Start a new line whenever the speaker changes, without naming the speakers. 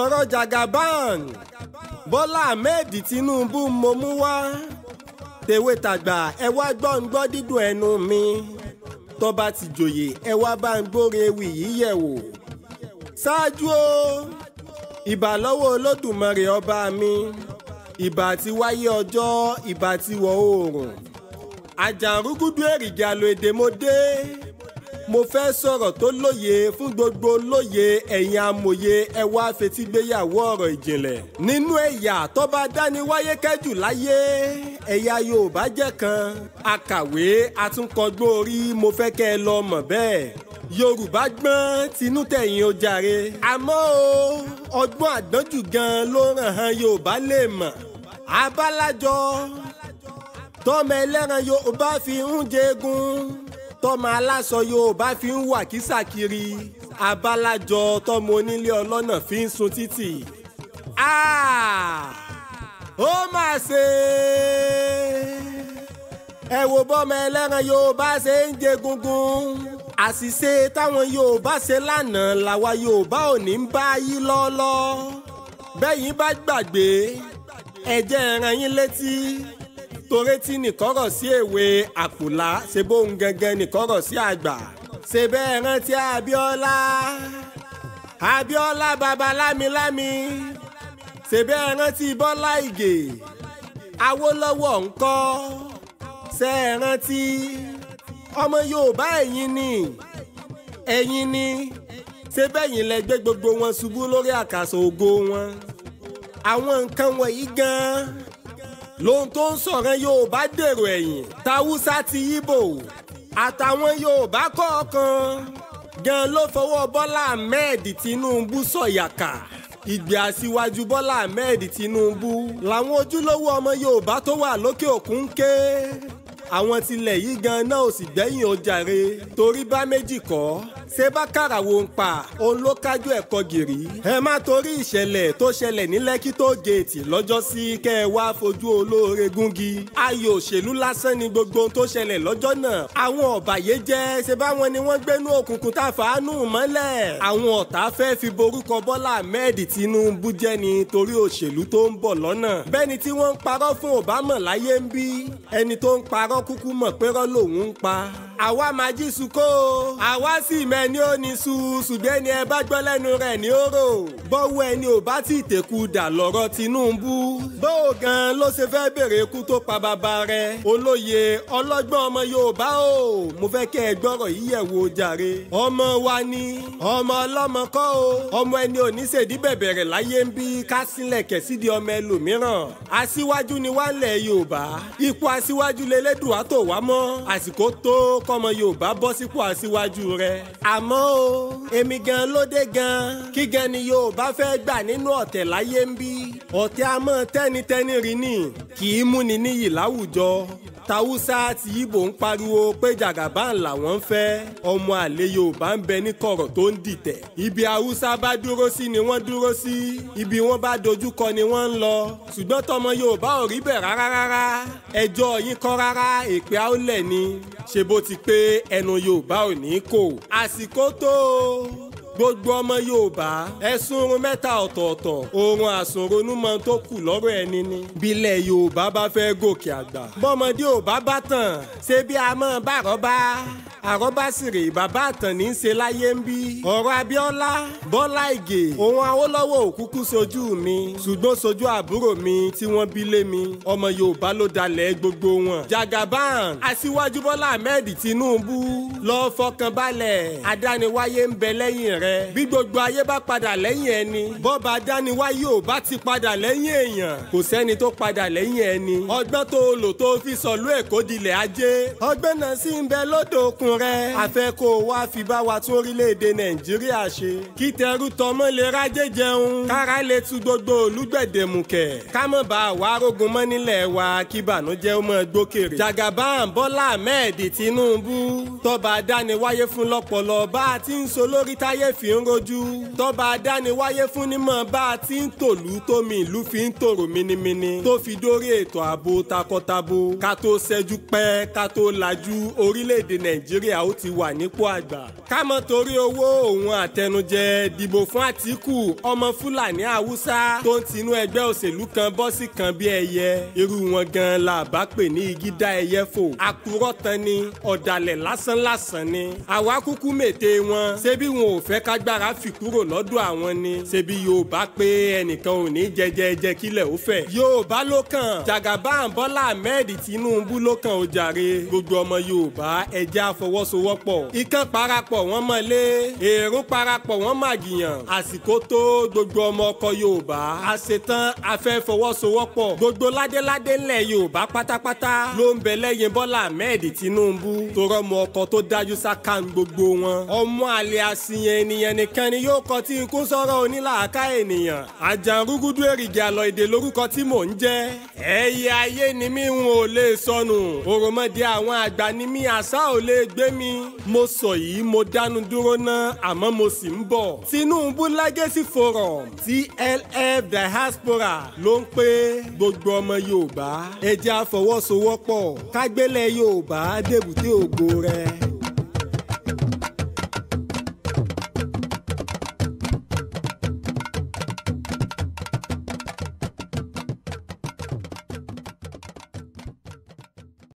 ọ̀rọ̀ jagaban bọ́lá ahmed tinubu mo mú wá tèwe tàgbà ẹ wá gbọ́ ń gbọ́ dídùn ẹnu mi tó ti jòyè ẹ wá bá ń gbóre ewì yìí yẹ̀ wò ṣáájú o ìbà lọ́wọ́ olódùmarè ọba mi ìbà ti wáyé ọjọ́ ìbà ti wọ̀ oòrùn àjàǹrúgúdú èrìgì àlò èdèmọdé mo fẹ́ sọ̀rọ̀ tó lóye fún gbogbo lóye ẹ̀yin amòye ẹ wá fetígbéyàwó ọ̀rọ̀ ìjìnlẹ̀. nínú ẹ̀yà tọ́ba dániwáyé kẹ́jù láyé ẹ̀yà Yorùbá jẹ́ kan akàwé atúnkọgbó orí mo fẹ́ kẹ́ ẹ lọ mọ̀ bẹ́ẹ̀. Yorùbá gbọ́n tinú tẹ̀yìn ó àmọ́ o ọgbọ́n àgbọ́njù gan ló ràn án Yorùbá lè mọ̀. abálájọ tọ́mọ ẹlẹ́ran Yorùbá fi ń jẹgun tọ́mọ aláṣọ Yorùbá fi ń wà kísàkiri abálájọ tọ́mọ onílé ọlọ́nà fi ń sun títì. Ah! ó mà ṣe ẹ wo bọ́mọ ẹlẹ́ran Yorùbá ṣe ń jẹ gungun àṣìṣe táwọn Yorùbá ṣe lánàá làwa Yorùbá ò ní bá yí lọ́ọ́lọ́ bẹ́yìn bá gbàgbé ẹ̀jẹ̀ ẹ̀ràn yín létí torí tí nìkọ́rọ̀ sí èwe àpòlá ṣe bóun gẹ́gẹ́ nìkọ́rọ̀ sí àgbà ṣe bẹ́ẹ̀ rántí Abíọ́lá Abíọ́lá baba lámilámi ṣe bẹ́ẹ̀ rántí Bọ́lá Ìgè Awólọ́wọ̀ ńkọ́ ṣe é rántí ọmọ Yorùbá ẹ̀yin ni ẹ̀yin ni ṣe bẹ́yìn lẹ gbé gbogbo wọn ṣubú lórí àkàsọ̀ ògo wọn àwọn nǹkan wọ̀nyí gan-an lóhun tó ń sọ̀rọ̀ yorùbá dèrò ẹ̀yìn tàwùsá ti yíbò àtàwọn yorùbá kọ̀ọ̀kan gan ló fọwọ́ bọ́lá ahmed tinubu sọ̀yàkà ìgbé àṣìwájú bọ́lá ahmed tinubu làwọn ojúlówó ọmọ yorùbá tó wà lókè òkun ń ké àwọn tilẹ̀ yìí gan náà ò sì gbẹ́yìn ó jàre torí bá méjì kọ́ ṣé bákàrà wo ń pa òun ló kájú ẹ̀kọ́ gìrì. ẹ má torí ìṣẹ̀lẹ̀ tó ṣẹlẹ̀ ní lẹ́kí tó géètì lọ́jọ́ sí kẹ́ ẹ wá fojú olóore gúngi. ayò òṣèlú lásán ni gbogbo ohun tó ṣẹlẹ̀ lọ́jọ́ náà. àwọn ọ̀bàyé jẹ́ ṣe báwọn ni wọ́n gbénú òkùnkùn tá a fàánù mọ́lẹ̀. àwọn ọ̀tá fẹ́ fi borúkọ Bọ́lá Ahmed Tinubu jẹ́ ni torí òṣèlú tó ń bọ̀ lọ́nà. bẹ́ni tí wọ́n ń parọ́ fún Obama láyé ń bí ẹni tó ń parọ́ kúkú mọ̀ pé rọ́ ń pa àwa máa jí suko àwa sì mẹ́ni ó ní su ṣùgbẹ́ ni ẹ bá gbọ́ lẹ́nu rẹ̀ ní òrò bọ́wọ́ ẹni ò bá ti tẹ̀kù dà lọ́rọ̀ Tinubu bóò gan ló ṣe fẹ́ bèrè ikú tó pa bàbá rẹ̀ olóye ọlọ́gbọ́n ọmọ Yorùbá o mo fẹ́ kẹ́ ẹ gbọ́rọ̀ yìí yẹ̀ wò jàre ọmọ wa ni ọmọ ọlọ́mọ kọ́ o ọmọ ẹni ò ní ṣèdí bẹ̀bẹ̀rẹ̀ láyé ń bí ká sílẹ̀ kẹ̀sídìí ọmọ ẹlòmíràn aṣíwájú ni wá ń lẹ̀ Yorùbá ipò aṣíwájú lélẹ́dùn á àsìkò tó kọ́ kọ́mọ Yorùbá bọ́ sípò aṣíwájú rẹ̀ àmọ́ o èmi gan ló dé gan kí gan ni Yorùbá fẹ́ gbà nínú ọ̀tẹ̀ láyé ń bí ọ̀tẹ̀ a máa tẹ́nitẹ́ni rí ni kì í múni níyì láwùjọ tàwùsá àti ibo ń pariwo pé jàgàbán làwọn ń fẹ́ ọmọ àlè yorùbá ń bẹ ní kọ̀rọ̀ tó ń dìtẹ̀ ibi haúsá bá dúró sí ni wọ́n dúró sí ibi wọ́n bá dojúkọ ni wọ́n ń lọ ṣùgbọ́n tọmọ yorùbá ò rí bẹ̀ rárá rárá ẹjọ́ yín kọ́ rárá èpè àólẹ̀ ni ṣe bó ti pé ẹnu yorùbá ò ní kò àsìkò tó o gbogbo ọmọ yorùbá ẹ̀sùn oorun mẹ́ta ọ̀tọ̀ọ̀tọ̀ oorun àsùnronú mọ tó kù lọ́rọ̀ ẹni ni. bílẹ̀ yorùbá bá fẹ́ gòkè àgbà bọ́mọdé yorùbá bá tàn ṣé bí a mọ̀ bá rọ́ bá àrọ́básìrè bàbá àtàní ń ṣe láyé ń bí. ọ̀rọ̀ abíọ́lá bọ́lá ìgè òun awólọ́wọ̀ òkúkú sojú mi ṣùgbọ́n sojú àbúrò mi tí wọ́n bí lé mi ọmọ yorùbá ló dalẹ̀ gbogbo wọn. jagaban aṣíwájú bọ́lá ahmed tinubu lọ fọkàn balẹ̀ adániwáyé ń bẹ lẹ́yìn rẹ bí gbogbo ayé bá padà lẹ́yìn ẹni bọ́ba adániwáyé ò bá ti padà lẹ́yìn èèyàn kò sẹ́ni tó padà lẹ́yìn ẹni ọgbọ́n tó lò tó fi sọ̀lú èkó dilẹ̀ ajé ọgbẹ́ náà sì ń bẹ lódòkun lẹ́nu rẹ. a fẹ́ kó o wá fi bá wa tún orílẹ̀-èdè nàìjíríà ṣe. kí tẹrú tọmọ lè rájẹ jẹun. kára lè tu gbogbo olùgbẹ̀dẹ̀mùkẹ̀. ká mọ̀ bá wa arógun mọ́ nílẹ̀ wa kí bànújẹ́ ó mọ̀ gbókèrè. jagaban bọ́lá ahmed tinubu. tọ́ba adániwáyé fún lọ́pọlọ bá a ti ń so lórí táyé fi ń rojú. tọ́ba adániwáyé fún nímọ̀ bá a ti ń tòlú tómi ìlú fi ń tòrò minimini. tó fi dórí ètò ààbò takọtabo. ká tó ṣẹ́jú pẹ́ ká tó lajú orílẹ̀-èdè nàìjíríà nàìjíríà ó ti wà nípò àgbà kámọ́ torí owó òun àtẹnujẹ dìbò fún àtìkù ọmọ fúlàní haúsá tó ń tinú ẹgbẹ́ òṣèlú kan bọ́ sí kan bí ẹyẹ irú wọn gan la bá pè ní igi dá ẹyẹ fò àkùrọ̀ tán ni ọ̀dàlẹ̀ lásánlásán ni àwa kúkú mète wọn ṣebí wọn ò fẹ́ kágbára fi kúrò lọ́dọ̀ àwọn ni ṣebí yorùbá pé ẹnìkan ò ní jẹjẹjẹ kílẹ̀ ó fẹ́ yorùbá ló kàn jagaban bọ́lá ahmed tinubu ló kàn ó jàre gbogbo ọmọ yorùbá ẹjẹ́ àfọwọ́ fọwọ́sowọ́pọ̀ ikán parapọ̀ wọ́n mọ̀ lé èrò parapọ̀ wọ́n mà gìyàn àsìkò tó gbogbo ọmọ ọkọ Yorùbá àṣetán afẹ́ fọwọ́sowọ́pọ̀ gbogbo ládéládé ńlẹ̀ Yorùbá pátápátá ló ń bẹ lẹ́yìn Bọ́lá Ahmed Tinubu tó rọ́mọ ọkọ tó dájú sáká ń gbogbo wọn ọmọ àlè àsìyàn ènìyàn nìkan ni yóò kọ tí ikú sọ̀rọ̀ onílàáká ènìyàn àjànrúgúdú èrìgì àlọ́ èdè lórúkọ tí mò ń jẹ́ ẹ̀yà ayé ni mí n ò lè sọnù òròmọdé àwọn àgbà ni mí àṣà ò lè gbé mi mo sọ yìí mo dánu dúró ná àmọ́ mo sì ń bọ̀ Tinubu Legacy Forum TLF Diaspora ló ń pé gbogbo ọmọ Yorùbá ẹ jẹ́ àfọwọ́sowọ́pọ̀ kágbélẹ̀ Yorùbá débùté ògo